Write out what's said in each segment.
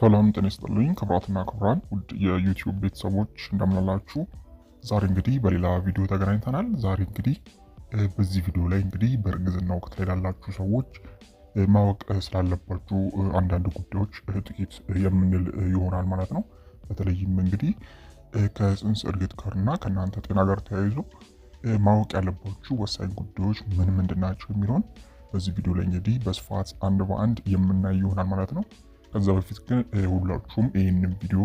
ሰላም ጤና ይስጥልኝ ክብራትና ክብራን ውድ የዩቲዩብ ቤተሰቦች እንደምናላችሁ። ዛሬ እንግዲህ በሌላ ቪዲዮ ተገናኝተናል። ዛሬ እንግዲህ በዚህ ቪዲዮ ላይ እንግዲህ በእርግዝና ወቅት ላይ ላላችሁ ሰዎች ማወቅ ስላለባችሁ አንዳንድ ጉዳዮች ጥቂት የምንል ይሆናል ማለት ነው። በተለይም እንግዲህ ከጽንስ እድገት ጋርና ከእናንተ ጤና ጋር ተያይዞ ማወቅ ያለባችሁ ወሳኝ ጉዳዮች ምን ምንድን ናቸው የሚለውን በዚህ ቪዲዮ ላይ እንግዲህ በስፋት አንድ በአንድ የምናይ ይሆናል ማለት ነው። ከዛ በፊት ግን ሁላችሁም ይህንን ቪዲዮ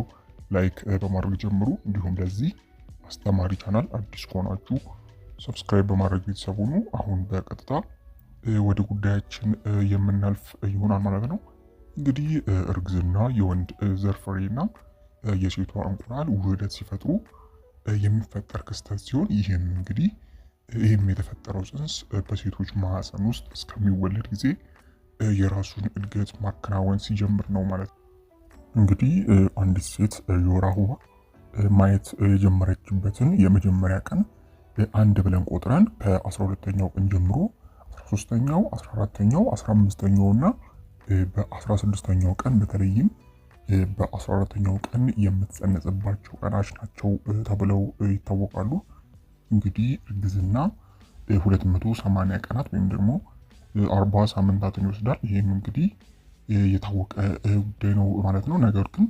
ላይክ በማድረግ ጀምሩ። እንዲሁም ለዚህ አስተማሪ ቻናል አዲስ ከሆናችሁ ሰብስክራይብ በማድረግ ቤተሰብ ሁኑ። አሁን በቀጥታ ወደ ጉዳያችን የምናልፍ ይሆናል ማለት ነው። እንግዲህ እርግዝና የወንድ ዘር ፍሬና የሴቷ እንቁላል ውህደት ሲፈጥሩ የሚፈጠር ክስተት ሲሆን ይህም እንግዲህ ይህም የተፈጠረው ጽንስ በሴቶች ማህፀን ውስጥ እስከሚወለድ ጊዜ የራሱን እድገት ማከናወን ሲጀምር ነው ማለት ነው። እንግዲህ አንዲት ሴት የወር አበባ ማየት የጀመረችበትን የመጀመሪያ ቀን አንድ ብለን ቆጥረን ከ 12 ኛው ቀን ጀምሮ 13 ኛው 14 ኛው 15 ኛው እና በ 16 ኛው ቀን በተለይም በ14ተኛው ቀን የምትጸነጽባቸው ቀናች ናቸው ተብለው ይታወቃሉ። እንግዲህ እርግዝና 280 ቀናት ወይም ደግሞ አርባ ሳምንታትን ይወስዳል። ይህም እንግዲህ የታወቀ ጉዳይ ነው ማለት ነው። ነገር ግን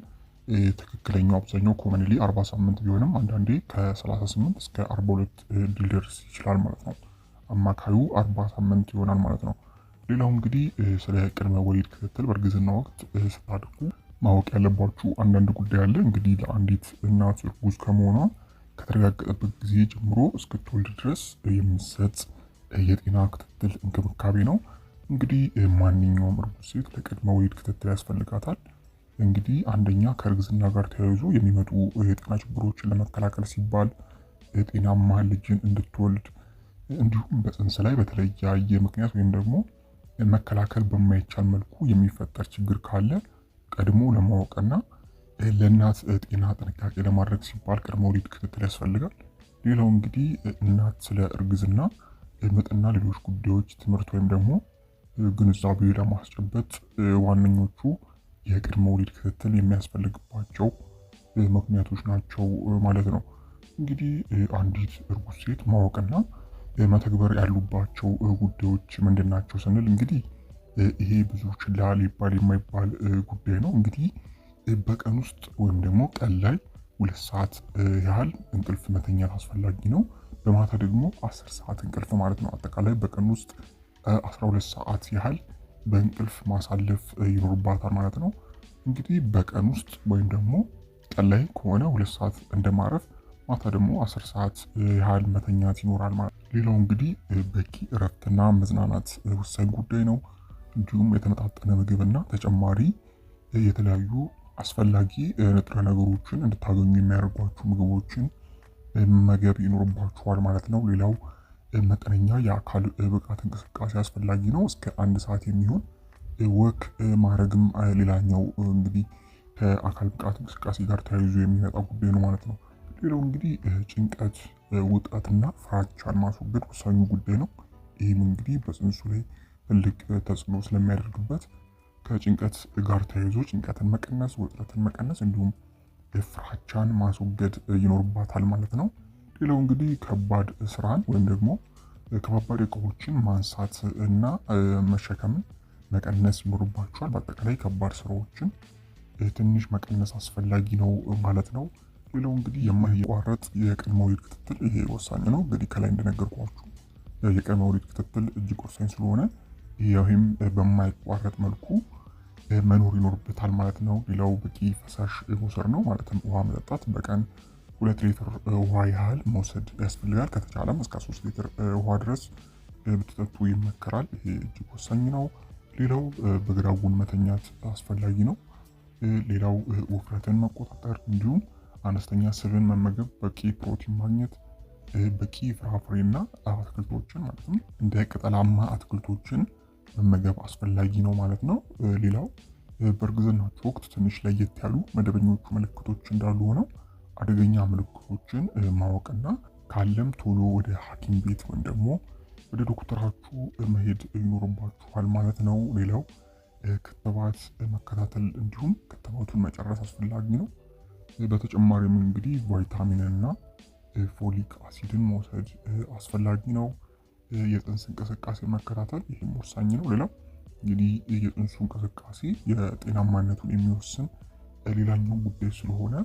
ትክክለኛው አብዛኛው ኮመንሊ አርባ ሳምንት ቢሆንም አንዳንዴ ከ 38 እስከ አርባ ሁለት ሊደርስ ይችላል ማለት ነው። አማካዩ አርባ ሳምንት ይሆናል ማለት ነው። ሌላው እንግዲህ ስለ ቅድመ ወሊድ ክትትል በእርግዝና ወቅት ስታደርጉ ማወቅ ያለባችሁ አንዳንድ ጉዳይ አለ። እንግዲህ ለአንዲት እናት እርጉዝ ከመሆኗ ከተረጋገጠበት ጊዜ ጀምሮ እስክትወልድ ድረስ የሚሰጥ የጤና ክትትል እንክብካቤ ነው። እንግዲህ ማንኛውም እርጉዝ ሴት ለቅድመ ወሊድ ክትትል ያስፈልጋታል። እንግዲህ አንደኛ ከእርግዝና ጋር ተያይዞ የሚመጡ የጤና ችግሮችን ለመከላከል ሲባል ጤናማ ልጅን እንድትወልድ እንዲሁም በጽንስ ላይ በተለያየ ምክንያት ወይም ደግሞ መከላከል በማይቻል መልኩ የሚፈጠር ችግር ካለ ቀድሞ ለማወቅና ለእናት ጤና ጥንቃቄ ለማድረግ ሲባል ቅድመ ወሊድ ክትትል ያስፈልጋል። ሌላው እንግዲህ እናት ስለ እርግዝና ምጥና ሌሎች ጉዳዮች ትምህርት ወይም ደግሞ ግንዛቤ ለማስጨበጥ ዋነኞቹ የቅድመ ወሊድ ክትትል የሚያስፈልግባቸው ምክንያቶች ናቸው ማለት ነው። እንግዲህ አንዲት እርጉዝ ሴት ማወቅና መተግበር ያሉባቸው ጉዳዮች ምንድን ናቸው ስንል እንግዲህ ይሄ ብዙ ችላ ሊባል የማይባል ጉዳይ ነው። እንግዲህ በቀን ውስጥ ወይም ደግሞ ቀን ላይ ሁለት ሰዓት ያህል እንቅልፍ መተኛት አስፈላጊ ነው። በማታ ደግሞ 10 ሰዓት እንቅልፍ ማለት ነው። አጠቃላይ በቀን ውስጥ 12 ሰዓት ያህል በእንቅልፍ ማሳለፍ ይኖርባታል ማለት ነው። እንግዲህ በቀን ውስጥ ወይም ደግሞ ቀን ላይ ከሆነ ሁለት ሰዓት እንደማረፍ ማታ ደግሞ 10 ሰዓት ያህል መተኛት ይኖራል ማለት ነው። ሌላው እንግዲህ በቂ እረፍትና መዝናናት ወሳኝ ጉዳይ ነው። እንዲሁም የተመጣጠነ ምግብና ተጨማሪ የተለያዩ አስፈላጊ ንጥረ ነገሮችን እንድታገኙ የሚያደርጓችሁ ምግቦችን መመገብ ይኖርባችኋል ማለት ነው። ሌላው መጠነኛ የአካል ብቃት እንቅስቃሴ አስፈላጊ ነው። እስከ አንድ ሰዓት የሚሆን ወክ ማድረግም ሌላኛው እንግዲህ ከአካል ብቃት እንቅስቃሴ ጋር ተያይዞ የሚመጣ ጉዳይ ነው ማለት ነው። ሌላው እንግዲህ ጭንቀት፣ ውጥረትና ፍራቻን ማስወገድ ወሳኙ ጉዳይ ነው። ይህም እንግዲህ በጽንሱ ላይ ትልቅ ተጽዕኖ ስለሚያደርግበት ከጭንቀት ጋር ተያይዞ ጭንቀትን መቀነስ፣ ውጥረትን መቀነስ እንዲሁም የፍራቻን ማስወገድ ይኖርባታል ማለት ነው። ሌላው እንግዲህ ከባድ ስራን ወይም ደግሞ ከባባድ እቃዎችን ማንሳት እና መሸከምን መቀነስ ይኖርባቸዋል። በአጠቃላይ ከባድ ስራዎችን ትንሽ መቀነስ አስፈላጊ ነው ማለት ነው። ሌላው እንግዲህ የማይቋረጥ የቅድመ ወሊድ ክትትል ይሄ ወሳኝ ነው። እንግዲህ ከላይ እንደነገርኳችሁ የቅድመ ወሊድ ክትትል እጅግ ወሳኝ ስለሆነ ይህም በማይቋረጥ መልኩ መኖር ይኖርበታል ማለት ነው። ሌላው በቂ ፈሳሽ መውሰድ ነው ማለትም ውሃ መጠጣት በቀን ሁለት ሊትር ውሃ ያህል መውሰድ ያስፈልጋል። ከተቻለም እስከ ሶስት ሊትር ውሃ ድረስ ብትጠጡ ይመከራል። ይሄ እጅግ ወሳኝ ነው። ሌላው በግራ ጎን መተኛት አስፈላጊ ነው። ሌላው ውፍረትን መቆጣጠር እንዲሁም አነስተኛ ስብን መመገብ፣ በቂ ፕሮቲን ማግኘት፣ በቂ ፍራፍሬና አትክልቶችን ማለትም እንደ ቅጠላማ አትክልቶችን መመገብ አስፈላጊ ነው ማለት ነው። ሌላው በእርግዝናችሁ ወቅት ትንሽ ለየት ያሉ መደበኞቹ ምልክቶች እንዳሉ ሆነው አደገኛ ምልክቶችን ማወቅና ካለም ቶሎ ወደ ሐኪም ቤት ወይም ደግሞ ወደ ዶክተራችሁ መሄድ ይኖርባችኋል ማለት ነው። ሌላው ክትባት መከታተል እንዲሁም ክትባቱን መጨረስ አስፈላጊ ነው። በተጨማሪም እንግዲህ ቫይታሚንና ፎሊክ አሲድን መውሰድ አስፈላጊ ነው። የጽንስ እንቅስቃሴ መከታተል ይህም ወሳኝ ነው። ሌላው እንግዲህ የጽንሱ እንቅስቃሴ የጤናማነቱን የሚወስን ሌላኛው ጉዳይ ስለሆነ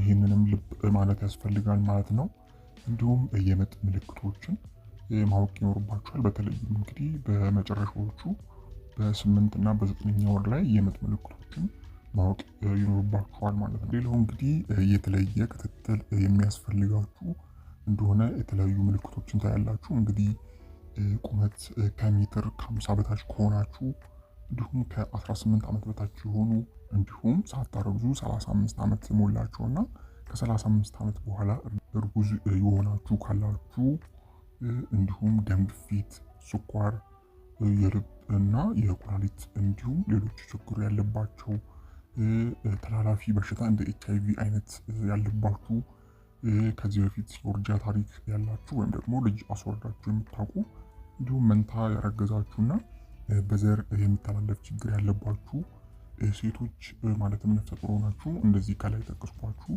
ይህንንም ልብ ማለት ያስፈልጋል ማለት ነው። እንዲሁም የምጥ ምልክቶችን ማወቅ ይኖርባቸዋል። በተለይም እንግዲህ በመጨረሻዎቹ በስምንት እና በዘጠነኛ ወር ላይ የምጥ ምልክቶችን ማወቅ ይኖርባቸዋል ማለት ነው። ሌላው እንግዲህ የተለየ ክትትል የሚያስፈልጋችሁ እንደሆነ የተለያዩ ምልክቶችን ታያላችሁ። እንግዲህ ቁመት ከሜትር ከ50 በታች ከሆናችሁ እንዲሁም ከ18 ዓመት በታች የሆኑ እንዲሁም ሳታረግዙ 35 ዓመት ሞላችሁና ከ35 ዓመት በኋላ እርጉዝ የሆናችሁ ካላችሁ እንዲሁም ደም ግፊት፣ ስኳር፣ የልብ እና የኩላሊት እንዲሁም ሌሎች ችግር ያለባቸው ተላላፊ በሽታ እንደ ኤች አይ ቪ አይነት ያለባችሁ ይሄ ከዚህ በፊት የውርጃ ታሪክ ያላችሁ ወይም ደግሞ ልጅ አስወርዳችሁ የምታውቁ እንዲሁም መንታ ያረገዛችሁና በዘር የሚተላለፍ ችግር ያለባችሁ ሴቶች ማለትም ነፍሰ ጡር ሆናችሁ እንደዚህ ከላይ ጠቀስኳችሁ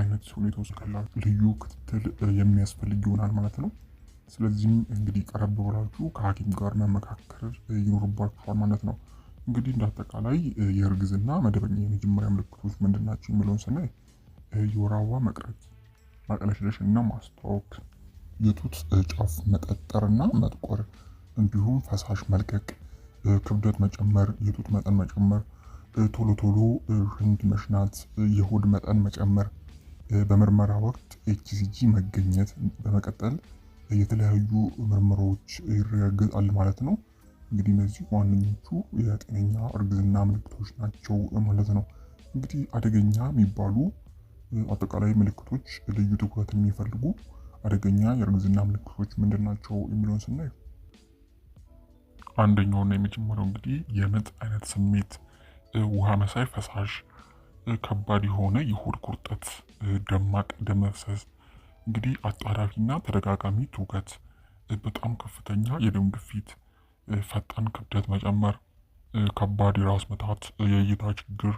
አይነት ሁኔታ ውስጥ ካላችሁ ልዩ ክትትል የሚያስፈልግ ይሆናል ማለት ነው። ስለዚህም እንግዲህ ቀረብ ብላችሁ ከሐኪም ጋር መመካከር ይኖርባችኋል ማለት ነው። እንግዲህ እንዳጠቃላይ የእርግዝና መደበኛ የመጀመሪያ ምልክቶች ምንድን ናቸው የሚለውን ስናይ የወር አበባ መቅረት፣ ማቅለሽለሽ እና ማስታወክ፣ የጡት ጫፍ መጠጠር እና መጥቆር፣ እንዲሁም ፈሳሽ መልቀቅ፣ ክብደት መጨመር፣ የጡት መጠን መጨመር፣ ቶሎ ቶሎ ሽንት መሽናት፣ የሆድ መጠን መጨመር፣ በምርመራ ወቅት ኤችሲጂ መገኘት። በመቀጠል የተለያዩ ምርመራዎች ይረጋገጣል ማለት ነው። እንግዲህ እነዚህ ዋነኞቹ የጤነኛ እርግዝና ምልክቶች ናቸው ማለት ነው። እንግዲህ አደገኛ የሚባሉ አጠቃላይ ምልክቶች ልዩ ትኩረት የሚፈልጉ አደገኛ የእርግዝና ምልክቶች ምንድን ናቸው የሚለውን ስናይ አንደኛውና የመጀመሪያው እንግዲህ የምጥ አይነት ስሜት፣ ውሃ መሳይ ፈሳሽ፣ ከባድ የሆነ የሆድ ቁርጠት፣ ደማቅ ደም መፍሰስ፣ እንግዲህ አጣዳፊና ተደጋጋሚ ትውከት፣ በጣም ከፍተኛ የደም ግፊት፣ ፈጣን ክብደት መጨመር፣ ከባድ የራስ ምታት፣ የእይታ ችግር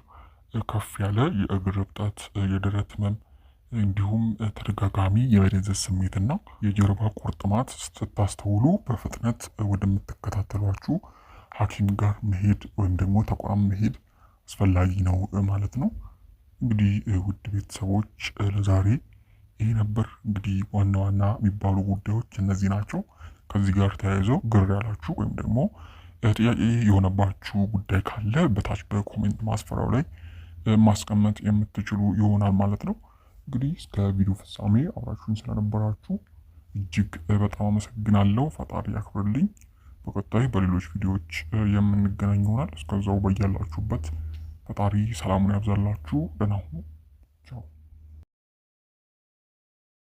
ከፍ ያለ የእግር እብጣት፣ የደረት ህመም እንዲሁም ተደጋጋሚ የመደንዘዝ ስሜትና የጀርባ ቁርጥማት ስታስተውሉ በፍጥነት ወደምትከታተሏችሁ ሐኪም ጋር መሄድ ወይም ደግሞ ተቋም መሄድ አስፈላጊ ነው ማለት ነው። እንግዲህ ውድ ቤተሰቦች ለዛሬ ይሄ ነበር። እንግዲህ ዋና ዋና የሚባሉ ጉዳዮች እነዚህ ናቸው። ከዚህ ጋር ተያይዘው ግር ያላችሁ ወይም ደግሞ ጥያቄ የሆነባችሁ ጉዳይ ካለ በታች በኮሜንት ማስፈራው ላይ ማስቀመጥ የምትችሉ ይሆናል ማለት ነው። እንግዲህ እስከ ቪዲዮ ፍጻሜ አብራችሁን ስለነበራችሁ እጅግ በጣም አመሰግናለሁ። ፈጣሪ ያክብርልኝ። በቀጣይ በሌሎች ቪዲዮዎች የምንገናኝ ይሆናል። እስከዛው በያላችሁበት ፈጣሪ ሰላሙን ያብዛላችሁ። ደህና ሁኑ።